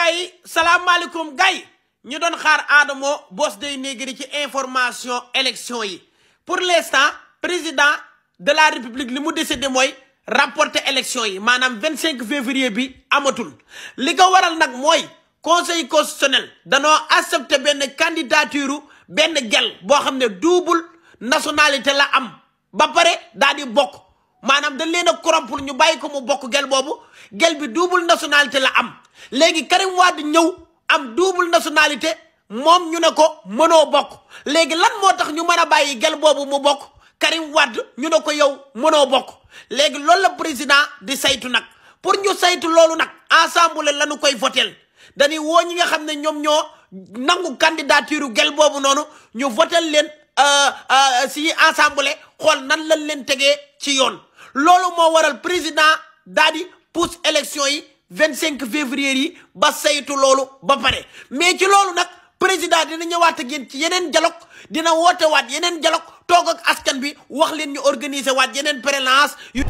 gars yi salaamaaleykum gars yi ñu doon xaar Adamo Boss de Negri ci information élection yi pour l'instant président de la république li mu décidé mooy rapporter élection yi maanaam vingt cinq février bi amatul li ko waral nag mooy conseil constitutionnel danoo accepté benn candidature benn gel boo xam ne double nationalité la am ba pare daal di bokk maanaam da leen a corrompre ñu bàyyi ko mu bokk gel boobu gel bi double nationalité la am léegi Karim Wade ñëw am double nationalité moom ñu ne ko mënoo bokk léegi lan moo tax ñu mën a bàyyi gel boobu mu bokk Karim Wade ñu ne ko yow mënoo bokk léegi loolu la président di saytu nag pour ñu saytu loolu nag ensemble la ñu koy votel dañuy woo ñi nga xam ne ñoom ñoo nangu candidature gel boobu noonu ñu votel leen euh, euh, si ensemble xool nan lañ leen tegee ci yoon loolu moo waral président daal di pousse élection yi vingt cinq février yi ba saytu loolu ba pare mais ci loolu nag président dina ñëwaat ak ci yeneen dialogue dina woote waat yeneen dialogue toog ak askan bi wax leen ñu organiser waat yeneen présidence yu